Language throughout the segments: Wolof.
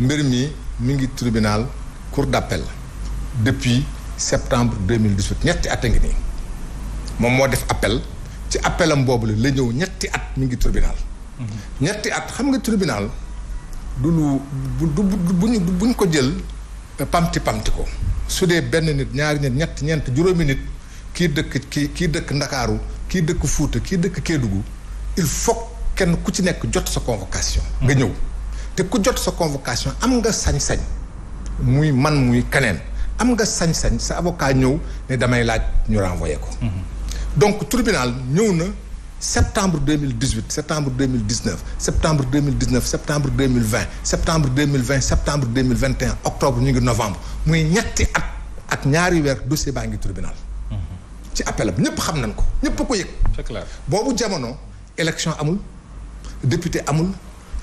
mbir mi mi ngi tribunal cour d'appel depuis septembre 2018 ñetti at a ngi nii moom moo def appel ci am boobu la la ñëw ñetti at mi ngi tribunal mhm. ñetti at xam nga tribunal du lu du buñ buñ ko jël pamti pamti ko su dee benn nit ñaari nit ñetti ñeent juróomi nit kii dëkk kii kii dëkk ndakaaru kii dëkk fuuta kii dëkk kéedugu il faut kenn ku ci nekk jot sa convocation mhm. nga ñëw te ku jot sa convocation am nga sañ-sañ muy man muy keneen am nga sañ-sañ sa avocat ñëw ne damay laaj ñu renvoyé ko. Mhm. donc tribunal ñëw na septembre deux mille dix huit septembre deux mille dix neuf septembre deux mille dix neuf septembre deux mille vingt septembre deux mille vingt septembre deux mille vingt et un octobre ñu ngi novembre muy ñetti at ak ñaari weer dossier baa ngi tribunal. Mhm. ci appel bi ñëpp xam nañ ko ñëpp ko yëg. boobu jamono élection amul député amul.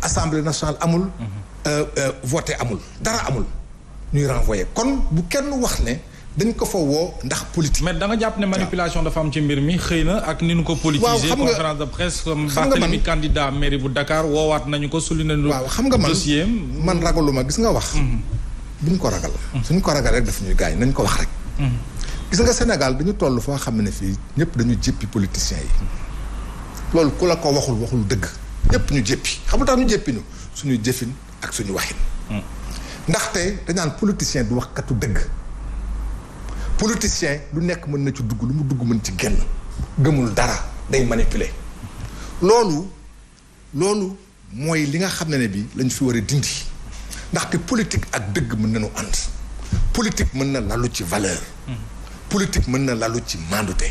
assemblée nationale amul. Mhm. Euh, euh, voté amul dara amul. ñuy renvoyé kon bu kenn wax ne dañ ko fa woo ndax politique. mais da jàpp ne manipulation dafa am ci mbir mi xëy na ak ni ñu ko. politiser conférence de presse. xam nga man candidat mairie bu Dakar woowaat nañu ko. suli nañu waaw xam nga man dossier man ragaluma gis nga wax. Mhm. buñ ko ragal. Mhm. suñ ko ragal rek daf ñuy gaañ nañ ko wax rek. gis nga Sénégal dañu toll foo xam ne fii ñëpp dañu jéppi politiciens yi. loolu ku la ko waxul waxul dëgg. ñëpp ñu jéppi xam nga tax ñu jéppinu suñuy jëfin ak suñu waxin hmm. ndaxte dañ naan politicien du wax katu dëgg politicien lu nekk mën na ci dugg lu mu dugg mën ci génn gëmul dara day manipuler loolu loolu mooy li nga xam ne ne bi lañ fi war a dindi ndaxte politique ak dëgg mën nañu ànd politique mën na lalu ci valeur hmm. politique mën na lalu ci mandute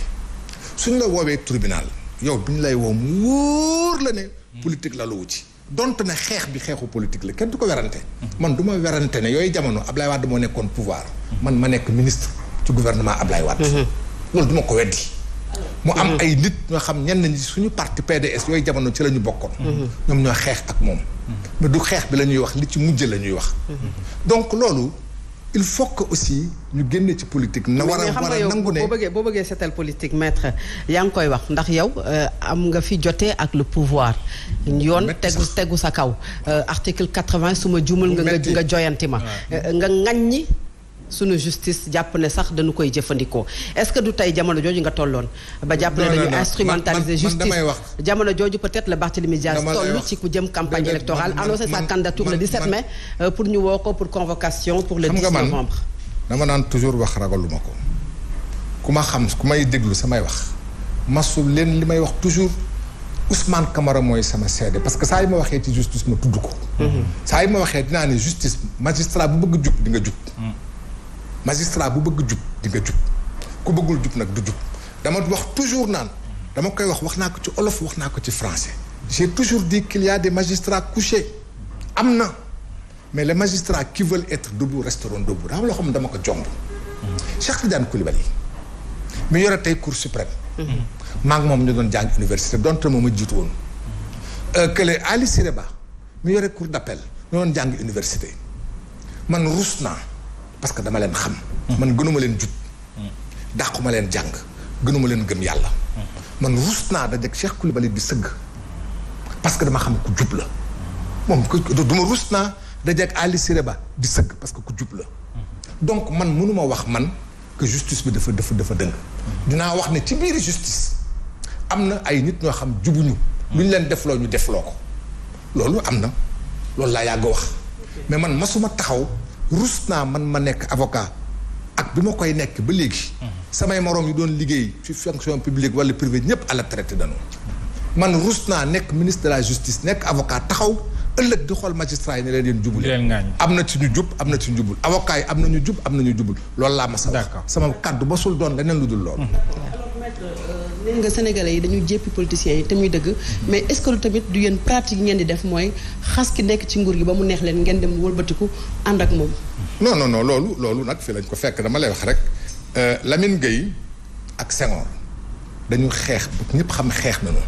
suñ la woowee tribunal yow bi ñu lay woo wóor la ne politique la luwu ci donte ne xeex bi xeexu politique la kenn du ko werante man du ma werante ne yooyu jamono Ablaye Wade moo nekkoon pouvoir man ma nekk ministre ci gouvernement Ablaye Wade mhm. loolu du ma ko weddi mu am mhm. ay nit ñoo xam ñenn ñi suñu parti PDS yooyu jamono ci lañu ñu bokkoon mhm. ñoom ñoo xeex ak moom mais du xeex bi la ñuy wax li ci mujj la ñuy wax donc loolu il faut que aussi ñu génne ci politique. na war a war a nangu ne boo bëggee boo bëggee seetal politique maître yaa ngi koy wax ndax yow euh, am nga fi jotee ak le pouvoir. yoon tegu tegu sa kaw. Euh, article quatre-vingt su ma juumal nga nga joyanti ma. Euh, nga ŋaññi. sunu justice jàpp ne sax dañu koy jëfandikoo est-ce que du tey jamono jooju nga tolloon. ba jàpp ne dañu instrumentaliser justice jamono jooju peut-être la Barthélémy Dias toll ci ku jëm campagne électorale annoncer sa candidature le 17 mai euh, pour ñu woo ko pour convocation pour le 10 novembre. dama naan ku ma xam ku may déglu samay wax masu leen li may wax toujours Ousmane Camara mooy sama seede parce que saa yi ma waxee ci justice ma tudd ko. Mhm. saa yi ma waxee dinaa ne magistrat bu bëgg jub di jub ku bëggul jub nag du jub dama wax toujours naan dama koy wax wax naa ko ci olof wax naa ko ci français j'ai toujours di qu'il y a des magistrats couchés am na mais les magistrats qui veulent être debout resteront debout daa loo xam ne dama ko jomb Cheikh Tidiane Koulibaly mu yore tey cour suprême mm-hmm. maa moom ñu doon jàng université donte moom a jiitu woon euh, kële Ali Siré Ba mi yore cour d'appel ñu doon jàng université man rus parce que dama leen xam. man gënuma leen jub. dàquma leen jàng gënuma leen gëm yàlla. man rus naa dajeeg Cheikh Koulibaly di sëgg. parce que dama xam ku jub la. moom du ma rus naa dajeeg Ali Ba di sëgg parce que ku jub la. donc man mënuma wax man que justice bi dafa dafa dafa dëng. dinaa wax ne ci biir justice am na ay nit ñoo xam jubuñu. lu ñu leen defloo ñu defloo ko. loolu am na loolu laa yàgg wax mais man masuma taxaw. rus naa man ma nekk avocat ak bi ma koy nekk ba léegi. samay moroom yu doon liggéey ci fonction publique wala privée ñëpp à la traité danu man rus naa nekk ministre la justice nekk avocat taxaw ëllëg di xool magistrat yi ne leen yéen jubul. am na ci ñu jub am na ci ñu jubul avocat yi am na ñu jub am na ñu jubul loolu laa ma sa wax. sama kaddu ba sul doon leneen lu dul loolu. nee nga sénégalais yi dañuy jéppi politiciens yi te muy dëgg mais est-ce que tamit du yéen pratique yi ngeen di def mooy xas ki nekk ci nguur gi ba mu neex leen ngeen dem wëlbatiku ànd ak moom non no non loolu loolu nag fii lañ ko fekk dama lay wax rek euh, Lamine Gueye ak Senghor dañu xeex ñëpp xam xeex nañu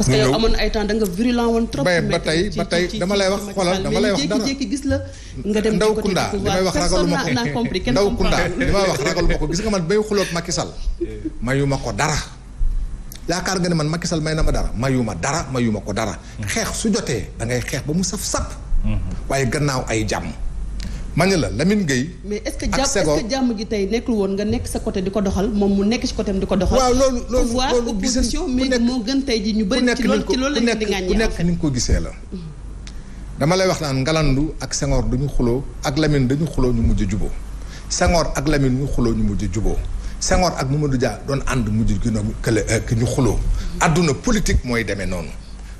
parce que yow amoon ay temps da nga virulent woon trop. ba tey ba tey dama lay wax xoolal dama lay wax dara jékki-jékki gis la. nga dem ndaw Kounda li may wax ragaluma ko ndaw Kounda li may wax ragaluma ko gis nga man bay xuloot Macky Sall mayuma ko dara. yaakaar nga ne man Macky Sall may na ma dara mayuma dara mayuma ko dara. xeex su jotee da ngay xeex ba mu saf-sap. Mhm. waaye gannaaw ay jàmm. ma ne la Lamine Gueye. mais est-ce que jàmm est-ce que jàmm ji tey nekkul woon nga nekk sa côté di ko doxal moom mu nekk ci côté di ko moo gën tey ji ñu bëri ci ko gisee la. dama lay wax naan Ngalandu ak Senghor ñu xuloo ak Lamine dañu xuloo ñu mujj juboo Senghor ak Lamine ñu xuloo ñu mujj juboo Senghor ak ma du Dia doon ànd mujj gën a kële euh, ñu xuloo. àdduna politique mooy demee noonu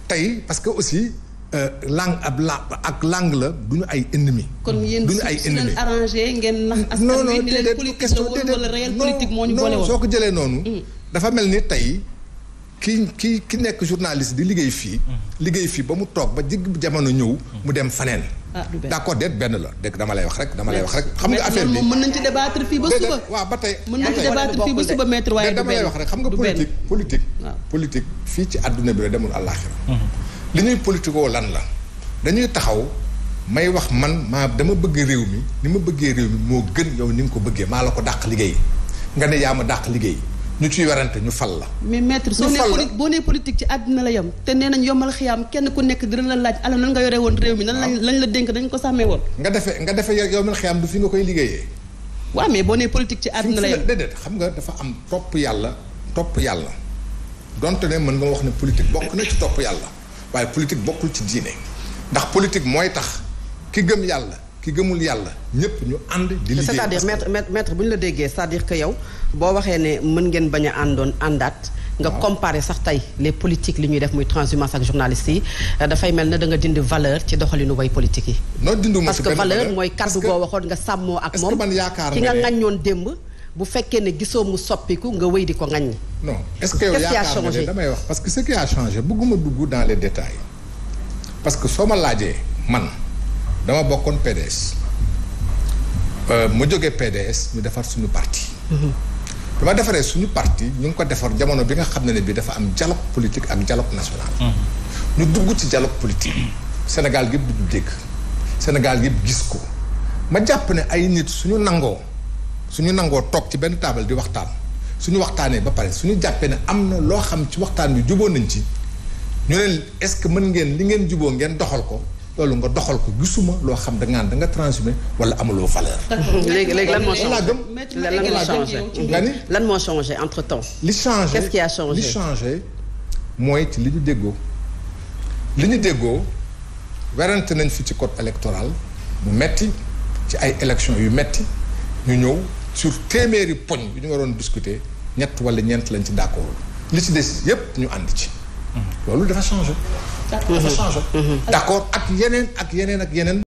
tey parce aussi. Euh, langue ab la ak langue la du ñu ay ennemis. kon yéen du ñu ay ennemis arrangé ngeen nax askan wi ni leen politique la woon wala réel politique moo ñu soo ko jëlee noonu. Mm. dafa mel ni tey ki ki ki nekk journaliste di liggéey fii. Mm. liggéey fii ba mu toog ba jig jamono ñëw. Mm. mu dem faneen. ah du benn benn la dégg dama lay wax rek dama lay wax rek. xam nga affaire bi mën nañ ci débattre fii ba suba. waaw ba tey mën nañ ci débattre fii ba suba maître waaye dama lay wax rek xam nga politique politique. Ah. politique fii ci àdduna bi demul àllaaxira mm-hmm. li ñuy politikoo lan la dañuy taxaw may wax man maa dama bëgg réew mi ni ma bëggee réew mi moo gën yow ni nga ko bëggee maa la ko dàq liggéey nga ne yaa ma dàq liggéey ñu ciy werante ñu fal la. mais maître soo nee boo ne politique ci àddina la yem. te nee nañ yombal xiyaam kenn ku nekk dina la laaj alors na nga yore woon réew mi. nan lañ la dénk dañ ko sàmmee woon. nga defee nga defee yombal xiyaam du fi nga koy liggéeyee. waaw mais boo nee politique ci àddina la yem xam nga dafa am topp yàlla topp yàlla donte ne mën nga wax ne politique bokk na ci topp yàlla waaye politique bokkul ci diine ndax politique mooy tax ki gëm yàlla ki gëmul yàlla ñëpp ñu ànd di liggéey c'est-à-dire bu ñu la déggee cest à yow boo waxee ne mën ngeen bañ a àndoon àndaat nga comparer sax tey les politiques li ñuy def muy transhumance ak journalistes yi euh, dafay mel ne da nga dindi valeur ci doxalinu way politique yi non dinduma parce que valeur mooy kàddu goo waxoon nga sàmmoo ak moom ki nga ŋàññoon démb bu fekkee ne gisoo mu soppiku nga wéy di ko ŋaññi. non est-ce que yow yaakaar nga ne damay wax parce que ce qui a changé bëgguma dugg dans les parce que soo ma laajee man dama bokkoon PDS euh, mu jógee PDS ñu defar suñu parti. Mm-hmm. bi defaree suñu parti ñu ngi ko defar jamono bi nga xam ne bi dafa am dialogue politique ak dialogue national. Mm-hmm. ñu dugg ci dialogue politique. Mm-hmm. Sénégal gépp du dégg Sénégal gépp gis ko ma jàpp ne ay nit suñu nangoo. suñu nangoo toog ci benn taabal di waxtaan suñu waxtaanee ba pare suñu jàppee ne am na loo xam ci waxtaan bi juboo nañ ci ñu ne est-ce que mën ngeen li ngeen juboo ngeen doxal ko loolu nga doxal ko gisuma loo xam da ngaan da nga transhumer wala amuloo valeur. léegi léegi lan moo changé lan moo changé nga ni lan moo changé entre temps. li changé quest li changé mooy ci li ñu déggoo. li ñu déggoo werante nañ fi ci code électoral mu metti ci ay élections yu metti ñu ñëw. sur téeméeri poñ bi ñu waroon discuter ñett wala ñeent lañ ci d'accord li ci des yépp ñu ànd ci. Mhm. loolu dafa changé. dafa changé. Mhm. d'accord ak yeneen ak yeneen ak yeneen.